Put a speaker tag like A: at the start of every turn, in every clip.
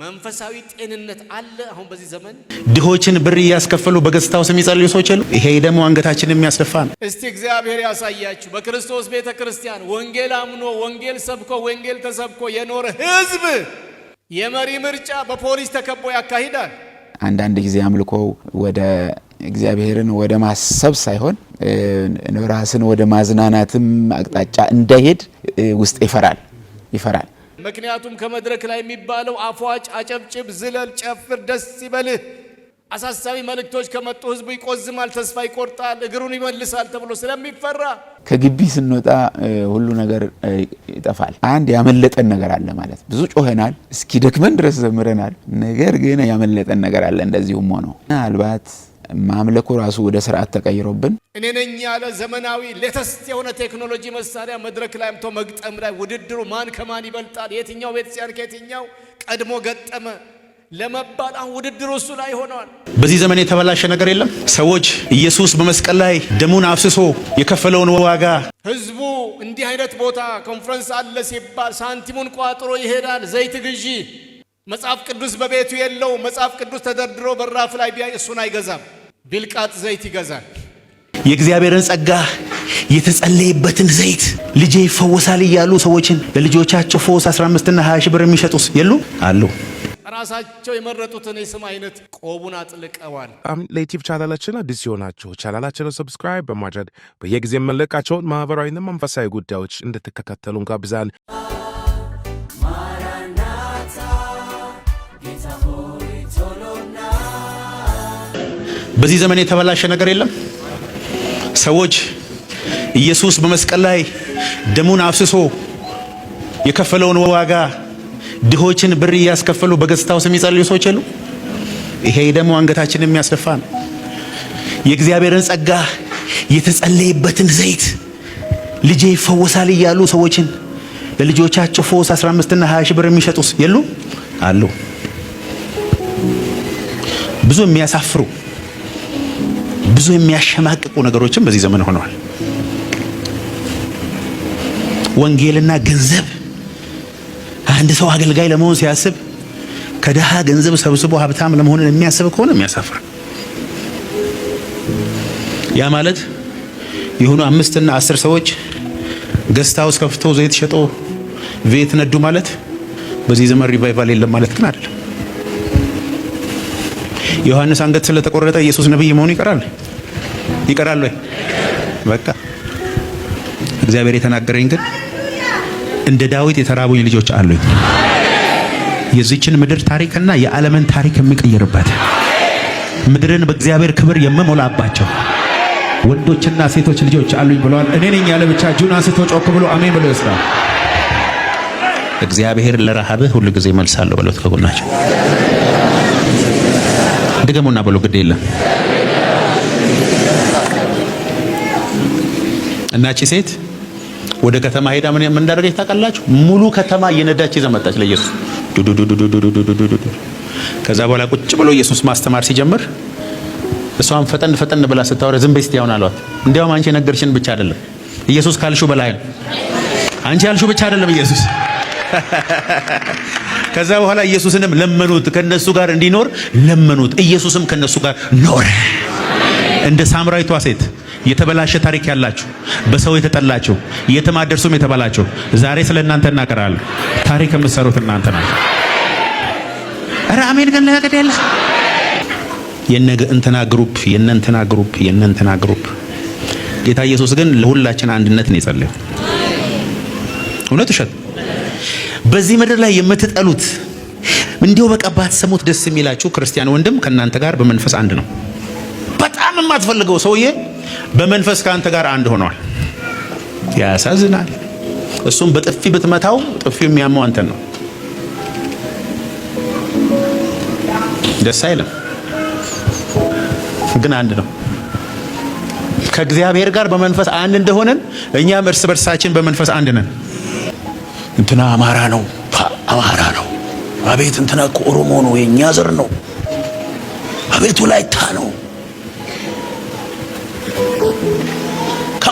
A: መንፈሳዊ ጤንነት አለ። አሁን በዚህ ዘመን
B: ድሆችን ብር እያስከፈሉ በገጽታው ስም የሚጸልዩ ሰዎች አሉ። ይሄ ደግሞ አንገታችን የሚያስደፋ ነው።
C: እስቲ እግዚአብሔር ያሳያችሁ። በክርስቶስ ቤተ ክርስቲያን ወንጌል አምኖ ወንጌል ሰብኮ ወንጌል ተሰብኮ የኖረ ህዝብ የመሪ ምርጫ በፖሊስ ተከቦ ያካሂዳል።
D: አንዳንድ ጊዜ አምልኮ ወደ እግዚአብሔርን ወደ ማሰብ ሳይሆን ራስን ወደ ማዝናናትም አቅጣጫ እንዳይሄድ ውስጥ ይፈራል ይፈራል
C: ምክንያቱም ከመድረክ ላይ የሚባለው አፏጭ፣ አጨብጭብ፣ ዝለል፣ ጨፍር፣ ደስ ይበልህ አሳሳቢ መልእክቶች ከመጡ ህዝቡ ይቆዝማል፣ ተስፋ ይቆርጣል፣ እግሩን ይመልሳል ተብሎ ስለሚፈራ
D: ከግቢ ስንወጣ ሁሉ ነገር ይጠፋል። አንድ ያመለጠን ነገር አለ ማለት ብዙ ጮኸናል፣ እስኪ ደክመን ድረስ ዘምረናል። ነገር ግን ያመለጠን ነገር አለ። እንደዚሁም ሆኖ ምናልባት ማምለኩ ራሱ ወደ ስርዓት ተቀይሮብን
C: እኔ ነኝ ያለ ዘመናዊ ሌተስት የሆነ ቴክኖሎጂ መሳሪያ መድረክ ላይ አምቶ መግጠም ላይ ውድድሩ ማን ከማን ይበልጣል፣ የትኛው ቤተክርስቲያን ከየትኛው ቀድሞ ገጠመ ለመባል አሁን ውድድሩ እሱ ላይ ሆነዋል።
B: በዚህ ዘመን የተበላሸ ነገር የለም። ሰዎች ኢየሱስ በመስቀል ላይ ደሙን አፍስሶ የከፈለውን ዋጋ
C: ህዝቡ እንዲህ አይነት ቦታ ኮንፈረንስ አለ ሲባል ሳንቲሙን ቋጥሮ ይሄዳል። ዘይት ግዢ መጽሐፍ ቅዱስ በቤቱ የለው። መጽሐፍ ቅዱስ ተደርድሮ በራፍ ላይ ቢያይ እሱን አይገዛም። ብልቃጥ ዘይት ይገዛል።
B: የእግዚአብሔርን ጸጋ የተጸለየበትን ዘይት ልጄ ይፈወሳል እያሉ ሰዎችን ለልጆቻቸው ፎስ 15 እና 20 ሺህ ብር የሚሸጡስ የሉ
D: አሉ።
C: ራሳቸው የመረጡትን የስም አይነት ቆቡን አጥልቀዋል።
B: ለዩቲዩብ ቻናላችን አዲስ ሲሆናችሁ ቻናላችንን ሰብስክራይብ በማድረግ በየጊዜ የምንለቃቸውን ማህበራዊና መንፈሳዊ ጉዳዮች እንድትከታተሉ እንጋብዛለን። በዚህ ዘመን የተበላሸ ነገር የለም። ሰዎች ኢየሱስ በመስቀል ላይ ደሙን አፍስሶ የከፈለውን ዋጋ ድሆችን ብር እያስከፈሉ በገጽታው ስም የሚጸልዩ ሰዎች የሉ። ይሄ ደግሞ አንገታችንን የሚያስደፋ ነው። የእግዚአብሔርን ጸጋ የተጸለየበትን ዘይት ልጄ ይፈወሳል እያሉ ሰዎችን ለልጆቻቸው ፎስ 15 እና 20 ሺህ ብር የሚሸጡስ የሉ አሉ። ብዙ የሚያሳፍሩ ብዙ የሚያሸማቅቁ ነገሮችም በዚህ ዘመን ሆነዋል። ወንጌልና ገንዘብ አንድ ሰው አገልጋይ ለመሆን ሲያስብ ከድሃ ገንዘብ ሰብስቦ ሀብታም ለመሆን የሚያስብ ከሆነ የሚያሳፍር ያ ማለት የሆኑ አምስትና አስር ሰዎች ገስት ሃውስ ከፍቶ ዘይት ሸጦ ቤት ነዱ ማለት በዚህ ዘመን ሪቫይቫል የለም ማለት ግን አይደለም። ዮሐንስ አንገት ስለተቆረጠ ኢየሱስ ነብይ መሆኑ ይቀራል። ይቀራል ወይ? በቃ እግዚአብሔር የተናገረኝ ግን እንደ ዳዊት የተራቡኝ ልጆች አሉኝ። የዚችን ምድር ታሪክና የዓለምን ታሪክ የምቀይርበት ምድርን በእግዚአብሔር ክብር የምሞላባቸው ወንዶችና ሴቶች ልጆች አሉኝ ብለዋል። እኔ ነኝ ያለ ብቻ ጁን አንስቶ ጮክ ብሎ አሜን ብሎ ይወስዳል። እግዚአብሔር ለረሃብህ ሁሉ ጊዜ መልሳለሁ በሎት። ከጎናቸው ድገሙና ብሎ ግድ የለም እናቺ ሴት ወደ ከተማ ሄዳ ምን እንዳደረገች ታውቃላችሁ? ሙሉ ከተማ እየነዳች ይዛ መጣች ለኢየሱስ። ከዛ በኋላ ቁጭ ብሎ ኢየሱስ ማስተማር ሲጀምር እሷን ፈጠን ፈጠን ብላ ስታወራ ዝም በይ ስትያውን አሏት። እንዲያውም አንቺ የነገርሽን ብቻ አይደለም ኢየሱስ ካልሹ በላይ ነው። አንቺ ያልሹ ብቻ አይደለም ኢየሱስ። ከዛ በኋላ ኢየሱስንም ለመኑት፣ ከነሱ ጋር እንዲኖር ለመኑት። ኢየሱስም ከነሱ ጋር ኖረ እንደ ሳምራዊቷ ሴት የተበላሸ ታሪክ ያላችሁ በሰው የተጠላችሁ የትም አትደርሱም የተባላችሁ ዛሬ ስለ እናንተ እናቀራለን። ታሪክ የምትሰሩት እናንተ ናችሁ። ኧረ አሜን ግን ለቀድ ያለ የነ እንትና ግሩፕ የነ እንትና ግሩፕ የነ እንትና ግሩፕ። ጌታ ኢየሱስ ግን ለሁላችን አንድነት ነው የጸለየው። እውነት ውሸት በዚህ ምድር ላይ የምትጠሉት እንዲሁ በቃ ባትሰሙት ደስ የሚላችሁ ክርስቲያን ወንድም ከእናንተ ጋር በመንፈስ አንድ ነው። በጣም የማትፈልገው ሰውዬ በመንፈስ ከአንተ ጋር አንድ ሆኗል። ያሳዝናል። እሱም በጥፊ ብትመታው ጥፊው የሚያመው አንተን ነው። ደስ አይልም፣ ግን አንድ ነው። ከእግዚአብሔር ጋር በመንፈስ አንድ እንደሆነን እኛም እርስ በርሳችን በመንፈስ አንድ ነን። እንትና አማራ ነው፣ አማራ ነው። አቤት እንትና እኮ ኦሮሞ ነው፣ የእኛ ዘር ነው። አቤቱ ላይታ ነው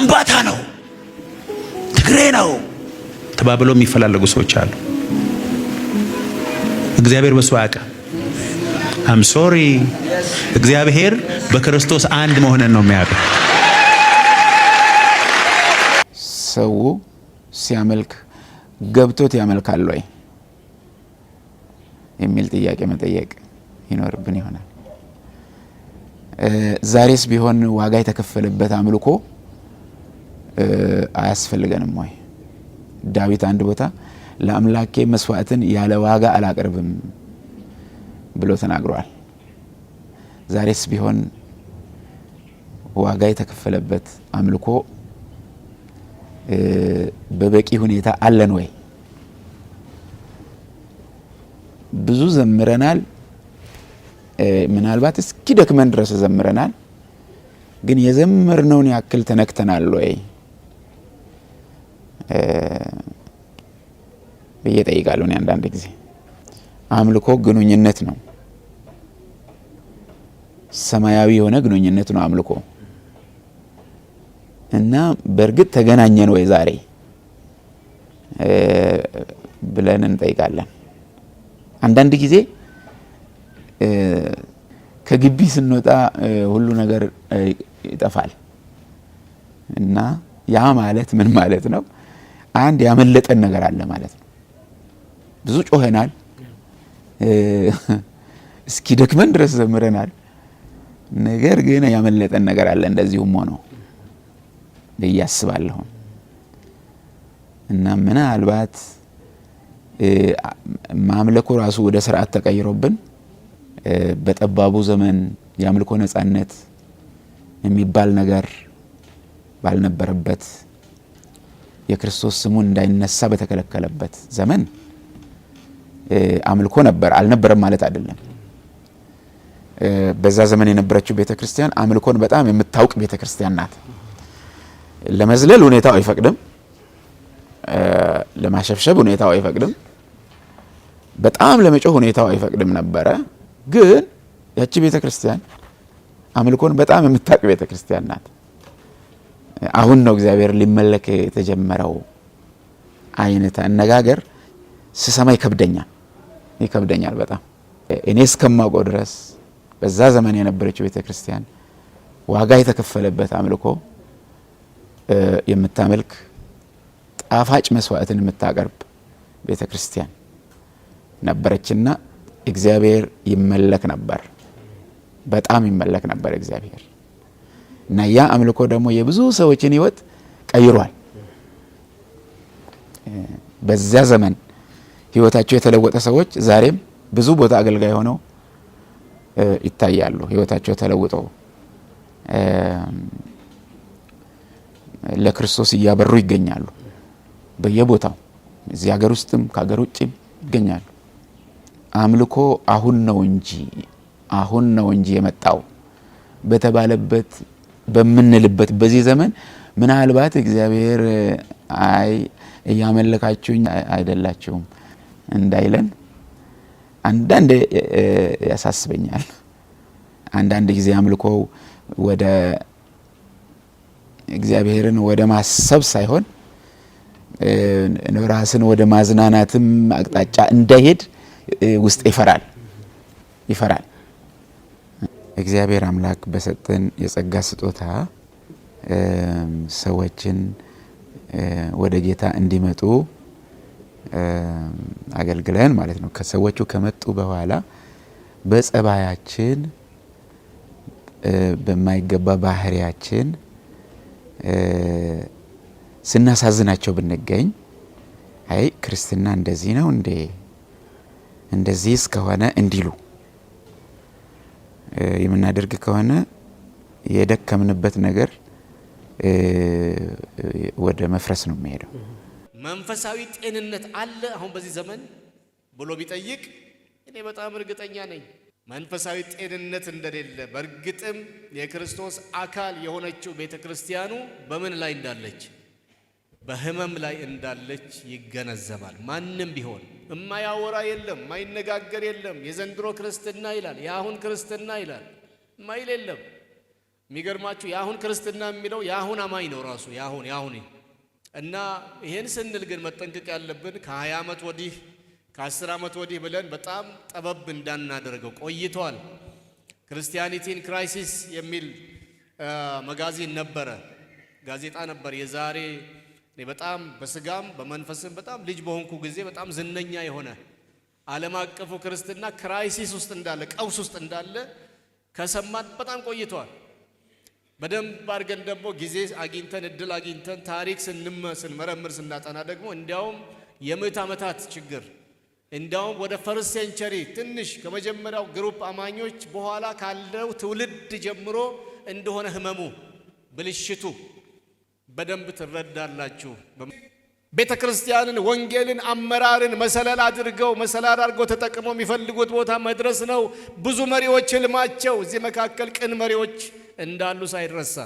B: ግንባታ ነው፣ ትግሬ ነው ተባብለው የሚፈላለጉ ሰዎች አሉ። እግዚአብሔር በሱ አያውቅም። አም ሶሪ እግዚአብሔር በክርስቶስ አንድ መሆነን ነው የሚያውቀው።
D: ሰው ሲያመልክ ገብቶት ያመልካል ወይ የሚል ጥያቄ መጠየቅ ይኖርብን ይሆናል። ዛሬስ ቢሆን ዋጋ የተከፈለበት አምልኮ አያስፈልገንም ወይ? ዳዊት አንድ ቦታ ለአምላኬ መስዋዕትን ያለ ዋጋ አላቀርብም ብሎ ተናግሯል። ዛሬስ ቢሆን ዋጋ የተከፈለበት አምልኮ በበቂ ሁኔታ አለን ወይ? ብዙ ዘምረናል። ምናልባት እስኪ ደክመን ድረስ ዘምረናል። ግን የዘመርነውን ያክል ተነክተናል ወይ? ብዬ ጠይቃለሁ። እኔ አንዳንድ ጊዜ አምልኮ ግንኙነት ነው፣ ሰማያዊ የሆነ ግንኙነት ነው አምልኮ እና በእርግጥ ተገናኘን ወይ ዛሬ ብለን እንጠይቃለን። አንዳንድ ጊዜ ከግቢ ስንወጣ ሁሉ ነገር ይጠፋል እና ያ ማለት ምን ማለት ነው? አንድ ያመለጠን ነገር አለ ማለት ነው። ብዙ ጮኸናል፣ እስኪ ደክመን ድረስ ዘምረናል። ነገር ግን ያመለጠን ነገር አለ። እንደዚሁም ሆኖ ብዬ አስባለሁ እና ምናልባት ማምለኩ ራሱ ወደ ስርዓት ተቀይሮብን በጠባቡ ዘመን የአምልኮ ነጻነት የሚባል ነገር ባልነበረበት የክርስቶስ ስሙን እንዳይነሳ በተከለከለበት ዘመን አምልኮ ነበር። አልነበረም ማለት አይደለም። በዛ ዘመን የነበረችው ቤተ ክርስቲያን አምልኮን በጣም የምታውቅ ቤተ ክርስቲያን ናት። ለመዝለል ሁኔታው አይፈቅድም፣ ለማሸብሸብ ሁኔታው አይፈቅድም፣ በጣም ለመጮህ ሁኔታው አይፈቅድም ነበረ። ግን ያቺ ቤተ ክርስቲያን አምልኮን በጣም የምታውቅ ቤተ ክርስቲያን ናት። አሁን ነው እግዚአብሔር ሊመለክ የተጀመረው አይነት አነጋገር ስሰማ ይከብደኛል ይከብደኛል በጣም እኔ እስከማውቀው ድረስ በዛ ዘመን የነበረችው ቤተ ክርስቲያን ዋጋ የተከፈለበት አምልኮ የምታመልክ ጣፋጭ መስዋዕትን የምታቀርብ ቤተ ክርስቲያን ነበረችና እግዚአብሔር ይመለክ ነበር፣ በጣም ይመለክ ነበር እግዚአብሔር። እና ያ አምልኮ ደግሞ የብዙ ሰዎችን ህይወት ቀይሯል። በዚያ ዘመን ህይወታቸው የተለወጠ ሰዎች ዛሬም ብዙ ቦታ አገልጋይ ሆነው ይታያሉ። ህይወታቸው ተለውጦ ለክርስቶስ እያበሩ ይገኛሉ። በየቦታው እዚህ ሀገር ውስጥም ከሀገር ውጭም ይገኛሉ። አምልኮ አሁን ነው እንጂ አሁን ነው እንጂ የመጣው በተባለበት በምንልበት በዚህ ዘመን ምናልባት እግዚአብሔር አይ እያመለካችሁኝ አይደላችሁም እንዳይለን አንዳንድ ያሳስበኛል። አንዳንድ ጊዜ አምልኮ ወደ እግዚአብሔርን ወደ ማሰብ ሳይሆን ራስን ወደ ማዝናናትም አቅጣጫ እንዳይሄድ ውስጥ ይፈራል ይፈራል። እግዚአብሔር አምላክ በሰጠን የጸጋ ስጦታ ሰዎችን ወደ ጌታ እንዲመጡ አገልግለን ማለት ነው። ከሰዎቹ ከመጡ በኋላ በጸባያችን በማይገባ ባህሪያችን ስናሳዝናቸው ብንገኝ አይ ክርስትና እንደዚህ ነው እንዴ እንደዚህ እስከሆነ እንዲሉ የምናደርግ ከሆነ የደከምንበት ነገር ወደ መፍረስ ነው የሚሄደው።
C: መንፈሳዊ ጤንነት አለ አሁን በዚህ ዘመን ብሎ ቢጠይቅ እኔ በጣም እርግጠኛ ነኝ መንፈሳዊ ጤንነት እንደሌለ። በእርግጥም የክርስቶስ አካል የሆነችው ቤተ ክርስቲያኑ በምን ላይ እንዳለች በህመም ላይ እንዳለች ይገነዘባል። ማንም ቢሆን እማያወራ የለም፣ ማይነጋገር የለም። የዘንድሮ ክርስትና ይላል፣ የአሁን ክርስትና ይላል፣ ማይል የለም። የሚገርማችሁ የአሁን ክርስትና የሚለው የአሁን አማኝ ነው ራሱ የአሁን የአሁን እና ይህን ስንል ግን መጠንቀቅ ያለብን ከ20 ዓመት ወዲህ ከ10 ዓመት ወዲህ ብለን በጣም ጠበብ እንዳናደርገው ቆይቷል። ክርስቲያኒቲን ክራይሲስ የሚል መጋዚን ነበረ፣ ጋዜጣ ነበር የዛሬ እኔ በጣም በስጋም በመንፈስም በጣም ልጅ በሆንኩ ጊዜ በጣም ዝነኛ የሆነ ዓለም አቀፉ ክርስትና ክራይሲስ ውስጥ እንዳለ ቀውስ ውስጥ እንዳለ ከሰማን በጣም ቆይቷል በደንብ አድርገን ደግሞ ጊዜ አግኝተን እድል አግኝተን ታሪክ ስንመረምር ስናጠና ደግሞ እንዲያውም የምዕት ዓመታት ችግር እንዲያውም ወደ ፈርስት ሴንቸሪ ትንሽ ከመጀመሪያው ግሩፕ አማኞች በኋላ ካለው ትውልድ ጀምሮ እንደሆነ ህመሙ ብልሽቱ በደንብ ትረዳላችሁ። ቤተ ክርስቲያንን፣ ወንጌልን፣ አመራርን መሰላል አድርገው መሰላል አድርገው ተጠቅመው የሚፈልጉት ቦታ መድረስ ነው። ብዙ መሪዎች ህልማቸው እዚህ መካከል ቅን መሪዎች እንዳሉ ሳይረሳ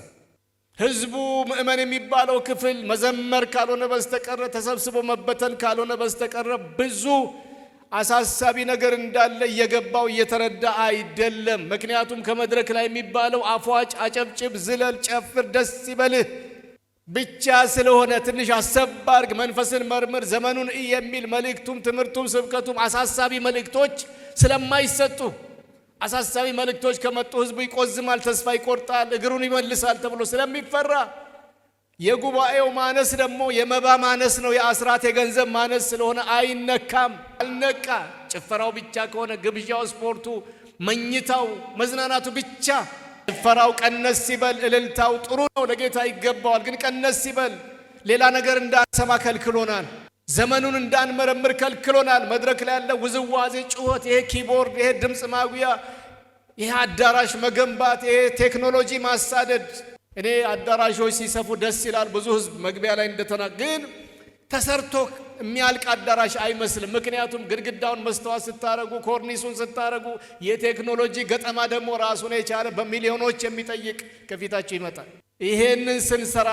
C: ህዝቡ ምእመን የሚባለው ክፍል መዘመር ካልሆነ በስተቀረ ተሰብስቦ መበተን ካልሆነ በስተቀረ ብዙ አሳሳቢ ነገር እንዳለ እየገባው እየተረዳ አይደለም። ምክንያቱም ከመድረክ ላይ የሚባለው አፏጭ፣ አጨብጭብ፣ ዝለል፣ ጨፍር፣ ደስ ይበልህ ብቻ ስለሆነ ትንሽ አሰባርግ መንፈስን መርምር፣ ዘመኑን እይ የሚል መልእክቱም ትምህርቱም ስብከቱም አሳሳቢ መልእክቶች ስለማይሰጡ አሳሳቢ መልእክቶች ከመጡ ህዝቡ ይቆዝማል፣ ተስፋ ይቆርጣል፣ እግሩን ይመልሳል ተብሎ ስለሚፈራ የጉባኤው ማነስ ደግሞ የመባ ማነስ ነው። የአስራት የገንዘብ ማነስ ስለሆነ አይነካም። አልነቃ ጭፈራው ብቻ ከሆነ ግብዣው፣ ስፖርቱ፣ መኝታው፣ መዝናናቱ ብቻ ጭፈራው ቀነስ ሲበል እልልታው ጥሩ ነው፣ ለጌታ ይገባዋል። ግን ቀነስ ሲበል ሌላ ነገር እንዳንሰማ ከልክሎናል። ዘመኑን እንዳንመረምር ከልክሎናል። መድረክ ላይ ያለ ውዝዋዜ፣ ጩኸት፣ ይሄ ኪቦርድ፣ ይሄ ድምፅ ማጉያ፣ ይሄ አዳራሽ መገንባት፣ ይሄ ቴክኖሎጂ ማሳደድ። እኔ አዳራሾች ሲሰፉ ደስ ይላል፣ ብዙ ህዝብ መግቢያ ላይ እንደተናግን ተሰርቶ የሚያልቅ አዳራሽ አይመስልም። ምክንያቱም ግድግዳውን መስተዋት ስታረጉ፣ ኮርኒሱን ስታረጉ፣ የቴክኖሎጂ ገጠማ ደግሞ ራሱን የቻለ በሚሊዮኖች የሚጠይቅ ከፊታችሁ ይመጣል። ይሄንን ስንሰራ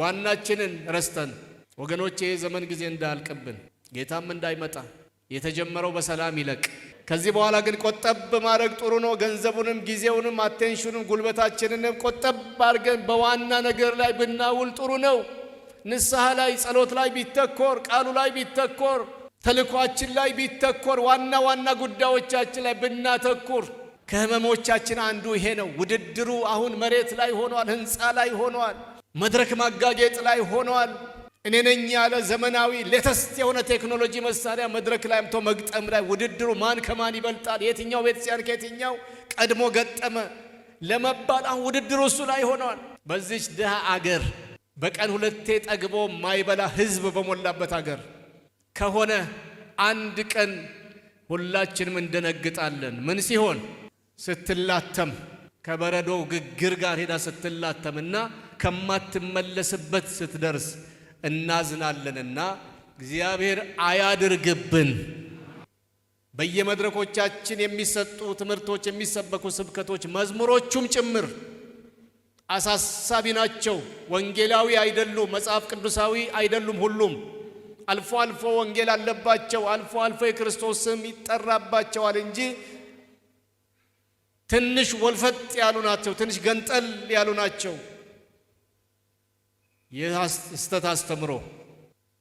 C: ዋናችንን ረስተን ወገኖች፣ የዘመን ዘመን ጊዜ እንዳያልቅብን ጌታም እንዳይመጣ የተጀመረው በሰላም ይለቅ። ከዚህ በኋላ ግን ቆጠብ ማድረግ ጥሩ ነው። ገንዘቡንም፣ ጊዜውንም፣ አቴንሽኑም ጉልበታችንንም ቆጠብ አድርገን በዋና ነገር ላይ ብናውል ጥሩ ነው። ንስሐ ላይ፣ ጸሎት ላይ ቢተኮር፣ ቃሉ ላይ ቢተኮር፣ ተልኳችን ላይ ቢተኮር፣ ዋና ዋና ጉዳዮቻችን ላይ ብናተኩር ከህመሞቻችን አንዱ ይሄ ነው። ውድድሩ አሁን መሬት ላይ ሆኗል፣ ህንፃ ላይ ሆኗል፣ መድረክ ማጋጌጥ ላይ ሆኗል። እኔ ነኝ ያለ ዘመናዊ ሌተስት የሆነ ቴክኖሎጂ መሳሪያ መድረክ ላይ አምቶ መግጠም ላይ ውድድሩ ማን ከማን ይበልጣል፣ የትኛው ቤተክርስቲያን ከየትኛው ቀድሞ ገጠመ ለመባል አሁን ውድድሩ እሱ ላይ ሆኗል። በዚች ድሃ አገር በቀን ሁለቴ ጠግቦ ማይበላ ህዝብ በሞላበት አገር ከሆነ አንድ ቀን ሁላችንም እንደነግጣለን። ምን ሲሆን ስትላተም ከበረዶ ግግር ጋር ሄዳ ስትላተምና ከማትመለስበት ስትደርስ እናዝናለንና እግዚአብሔር አያድርግብን። በየመድረኮቻችን የሚሰጡ ትምህርቶች፣ የሚሰበኩ ስብከቶች፣ መዝሙሮቹም ጭምር አሳሳቢ ናቸው። ወንጌላዊ አይደሉም። መጽሐፍ ቅዱሳዊ አይደሉም። ሁሉም አልፎ አልፎ ወንጌል አለባቸው። አልፎ አልፎ የክርስቶስ ስም ይጠራባቸዋል እንጂ ትንሽ ወልፈጥ ያሉ ናቸው። ትንሽ ገንጠል ያሉ ናቸው። የስተት አስተምሮ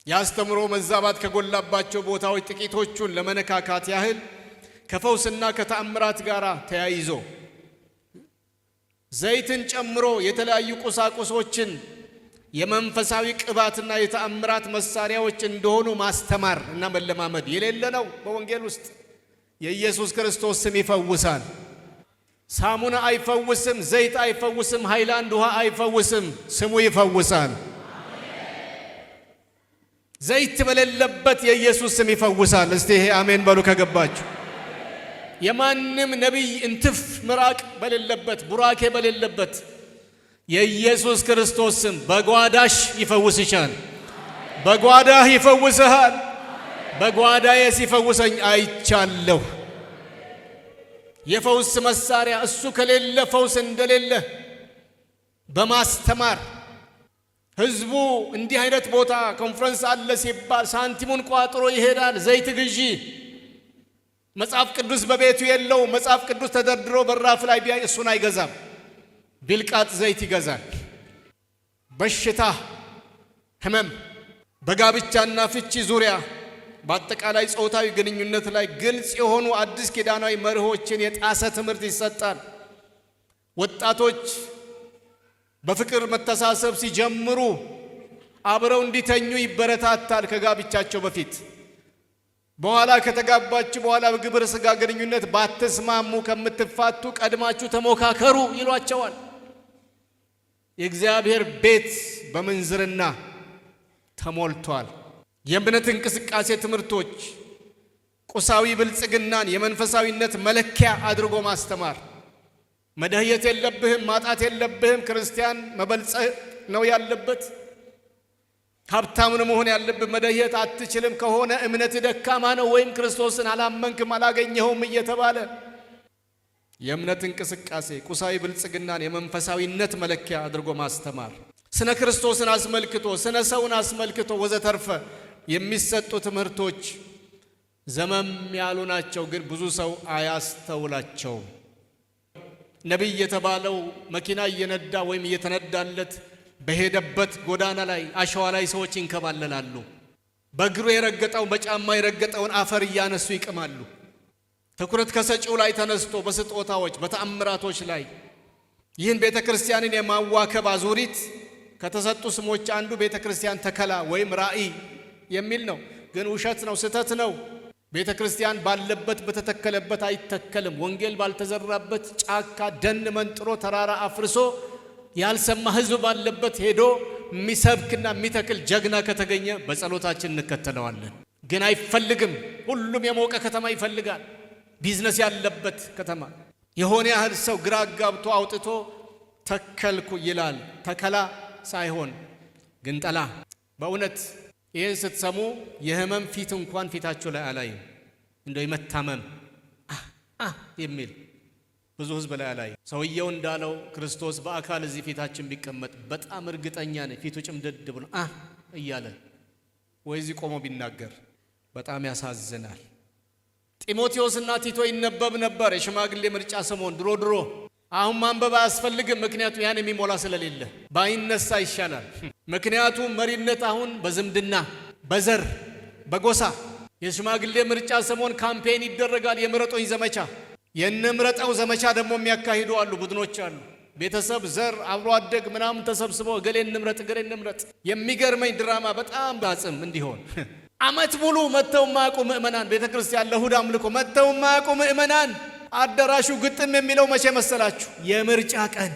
C: የአስተምሮ መዛባት ከጎላባቸው ቦታዎች ጥቂቶቹን ለመነካካት ያህል ከፈውስና ከተአምራት ጋር ተያይዞ ዘይትን ጨምሮ የተለያዩ ቁሳቁሶችን የመንፈሳዊ ቅባትና የተአምራት መሳሪያዎች እንደሆኑ ማስተማር እና መለማመድ የሌለ ነው። በወንጌል ውስጥ የኢየሱስ ክርስቶስ ስም ይፈውሳል። ሳሙና አይፈውስም፣ ዘይት አይፈውስም፣ ሃይላንድ ውሃ አይፈውስም። ስሙ ይፈውሳል። ዘይት በሌለበት የኢየሱስ ስም ይፈውሳል። እስቲ ይሄ አሜን በሉ ከገባችሁ የማንም ነቢይ እንትፍ ምራቅ በሌለበት ቡራኬ በሌለበት የኢየሱስ ክርስቶስ ስም በጓዳሽ ይፈውስሻል፣ በጓዳህ ይፈውስሃል። በጓዳዬ ሲፈውሰኝ አይቻለሁ። የፈውስ መሳሪያ እሱ ከሌለ ፈውስ እንደሌለ በማስተማር ህዝቡ እንዲህ አይነት ቦታ ኮንፈረንስ አለ ሲባል ሳንቲሙን ቋጥሮ ይሄዳል። ዘይት ግዢ መጽሐፍ ቅዱስ በቤቱ የለው። መጽሐፍ ቅዱስ ተደርድሮ በራፍ ላይ ቢያይ እሱን አይገዛም። ቢልቃጥ ዘይት ይገዛል። በሽታ፣ ህመም፣ በጋብቻና ፍቺ ዙሪያ በአጠቃላይ ጾታዊ ግንኙነት ላይ ግልጽ የሆኑ አዲስ ኪዳናዊ መርሆችን የጣሰ ትምህርት ይሰጣል። ወጣቶች በፍቅር መተሳሰብ ሲጀምሩ አብረው እንዲተኙ ይበረታታል ከጋብቻቸው በፊት በኋላ ከተጋባችሁ በኋላ በግብረ ስጋ ግንኙነት ባትስማሙ ከምትፋቱ ቀድማችሁ ተሞካከሩ ይሏቸዋል። የእግዚአብሔር ቤት በምንዝርና ተሞልቷል። የእምነት እንቅስቃሴ ትምህርቶች ቁሳዊ ብልጽግናን የመንፈሳዊነት መለኪያ አድርጎ ማስተማር፣ መደህየት የለብህም ማጣት የለብህም ክርስቲያን መበልጸግ ነው ያለበት። ሀብታምን መሆን ያለብህ መደየት አትችልም ከሆነ እምነት ደካማ ነው ወይም ክርስቶስን አላመንክም አላገኘኸውም እየተባለ የእምነት እንቅስቃሴ ቁሳዊ ብልጽግናን የመንፈሳዊነት መለኪያ አድርጎ ማስተማር ስነ ክርስቶስን አስመልክቶ ስነ ሰውን አስመልክቶ ወዘተርፈ የሚሰጡ ትምህርቶች ዘመም ያሉ ናቸው፣ ግን ብዙ ሰው አያስተውላቸውም። ነቢይ የተባለው መኪና እየነዳ ወይም እየተነዳለት በሄደበት ጎዳና ላይ አሸዋ ላይ ሰዎች ይንከባለላሉ። በእግሩ የረገጠው በጫማ የረገጠውን አፈር እያነሱ ይቅማሉ። ትኩረት ከሰጪው ላይ ተነስቶ በስጦታዎች በተአምራቶች ላይ ይህን ቤተ ክርስቲያንን የማዋከብ አዙሪት ከተሰጡ ስሞች አንዱ ቤተ ክርስቲያን ተከላ ወይም ራእይ የሚል ነው። ግን ውሸት ነው፣ ስህተት ነው። ቤተ ክርስቲያን ባለበት በተተከለበት አይተከልም። ወንጌል ባልተዘራበት ጫካ ደን መንጥሮ ተራራ አፍርሶ ያልሰማ ህዝብ ባለበት ሄዶ የሚሰብክና የሚተክል ጀግና ከተገኘ በጸሎታችን እንከተለዋለን። ግን አይፈልግም። ሁሉም የሞቀ ከተማ ይፈልጋል። ቢዝነስ ያለበት ከተማ የሆነ ያህል ሰው ግራ ጋብቶ አውጥቶ ተከልኩ ይላል። ተከላ ሳይሆን ግን ጠላ። በእውነት ይህን ስትሰሙ የህመም ፊት እንኳን ፊታችሁ ላይ አላይም። እንደው የመታመም የሚል ብዙ ህዝብ ላይ አላይ። ሰውየው እንዳለው ክርስቶስ በአካል እዚህ ፊታችን ቢቀመጥ በጣም እርግጠኛ ነኝ ፊቱ ጭምድድ ብሎ አ እያለ ወይ እዚህ ቆሞ ቢናገር በጣም ያሳዝናል። ጢሞቴዎስና ቲቶ ይነበብ ነበር፣ የሽማግሌ ምርጫ ሰሞን ድሮ ድሮ። አሁን ማንበብ አያስፈልግም፣ ምክንያቱም ያን የሚሞላ ስለሌለ ባይነሳ ይሻላል። ምክንያቱም መሪነት አሁን በዝምድና በዘር በጎሳ የሽማግሌ ምርጫ ሰሞን ካምፔን ይደረጋል፣ የምረጦኝ ዘመቻ የንምረጠው ዘመቻ ደግሞ የሚያካሂዱ አሉ፣ ቡድኖች አሉ። ቤተሰብ፣ ዘር፣ አብሮ አደግ ምናምን ተሰብስበው እገሌ እንምረጥ፣ እገሌ እንምረጥ። የሚገርመኝ ድራማ በጣም ባጽም እንዲሆን አመት ሙሉ መጥተው ማያውቁ ምእመናን ቤተ ክርስቲያን ለእሁድ አምልኮ መጥተው ማያውቁ ምእመናን አዳራሹ ግጥም የሚለው መቼ መሰላችሁ? የምርጫ ቀን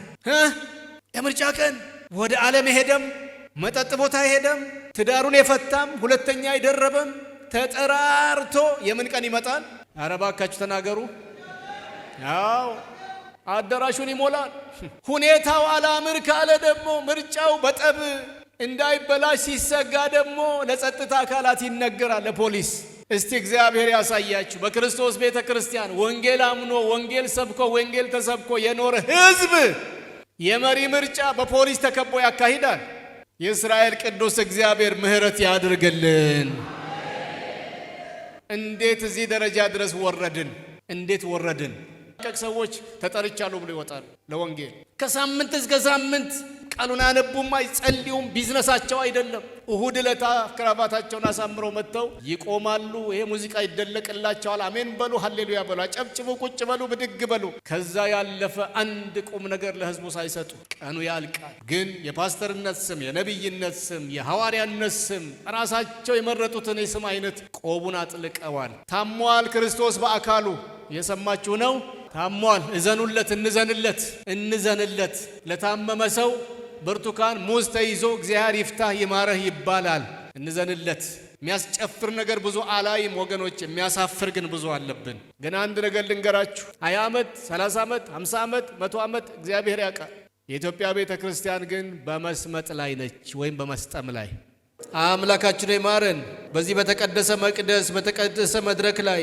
C: የምርጫ ቀን ወደ ዓለም የሄደም መጠጥ ቦታ የሄደም ትዳሩን የፈታም ሁለተኛ አይደረበም ተጠራርቶ የምን ቀን ይመጣል? አረ ባካችሁ ተናገሩ። ያው አዳራሹን ይሞላል። ሁኔታው አላምር ካለ ደግሞ ምርጫው በጠብ እንዳይበላሽ ሲሰጋ ደግሞ ለጸጥታ አካላት ይነገራል፣ ለፖሊስ። እስቲ እግዚአብሔር ያሳያችሁ። በክርስቶስ ቤተ ክርስቲያን ወንጌል አምኖ ወንጌል ሰብኮ ወንጌል ተሰብኮ የኖረ ሕዝብ የመሪ ምርጫ በፖሊስ ተከቦ ያካሂዳል። የእስራኤል ቅዱስ እግዚአብሔር ምሕረት ያድርግልን። እንዴት እዚህ ደረጃ ድረስ ወረድን? እንዴት ወረድን? ደቅ ሰዎች ተጠርቻሉ ብሎ ይወጣል ለወንጌል። ከሳምንት እስከ ሳምንት ቃሉን አነቡም፣ አይጸልዩም። ቢዝነሳቸው አይደለም። እሁድ ዕለት ክራባታቸውን አሳምረው መጥተው ይቆማሉ። ይሄ ሙዚቃ ይደለቅላቸዋል። አሜን በሉ፣ ሀሌሉያ በሉ፣ አጨብጭቡ፣ ቁጭ በሉ፣ ብድግ በሉ። ከዛ ያለፈ አንድ ቁም ነገር ለህዝቡ ሳይሰጡ ቀኑ ያልቃል። ግን የፓስተርነት ስም፣ የነቢይነት ስም፣ የሐዋርያነት ስም ራሳቸው የመረጡትን የስም አይነት ቆቡን አጥልቀዋል። ታሟል ክርስቶስ በአካሉ የሰማችሁ ነው። ታሟል፣ እዘኑለት፣ እንዘንለት፣ እንዘንለት። ለታመመ ሰው ብርቱካን፣ ሙዝ ተይዞ እግዚአብሔር ይፍታህ ይማረህ ይባላል። እንዘንለት። የሚያስጨፍር ነገር ብዙ አላይም ወገኖች፣ የሚያሳፍር ግን ብዙ አለብን። ግን አንድ ነገር ልንገራችሁ፣ 20 ዓመት 30 ዓመት 50 ዓመት 100 ዓመት እግዚአብሔር ያውቃል። የኢትዮጵያ ቤተ ክርስቲያን ግን በመስመጥ ላይ ነች፣ ወይም በመስጠም ላይ አምላካችን ይማረን። በዚህ በተቀደሰ መቅደስ በተቀደሰ መድረክ ላይ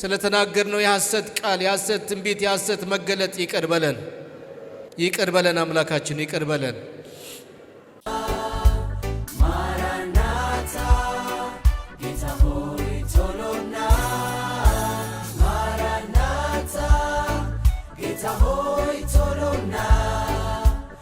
C: ስለተናገር ነው የሐሰት ቃል፣ የሐሰት ትንቢት፣ የሐሰት መገለጥ ይቅር በለን፣ ይቅር በለን አምላካችን፣ ይቅር በለን።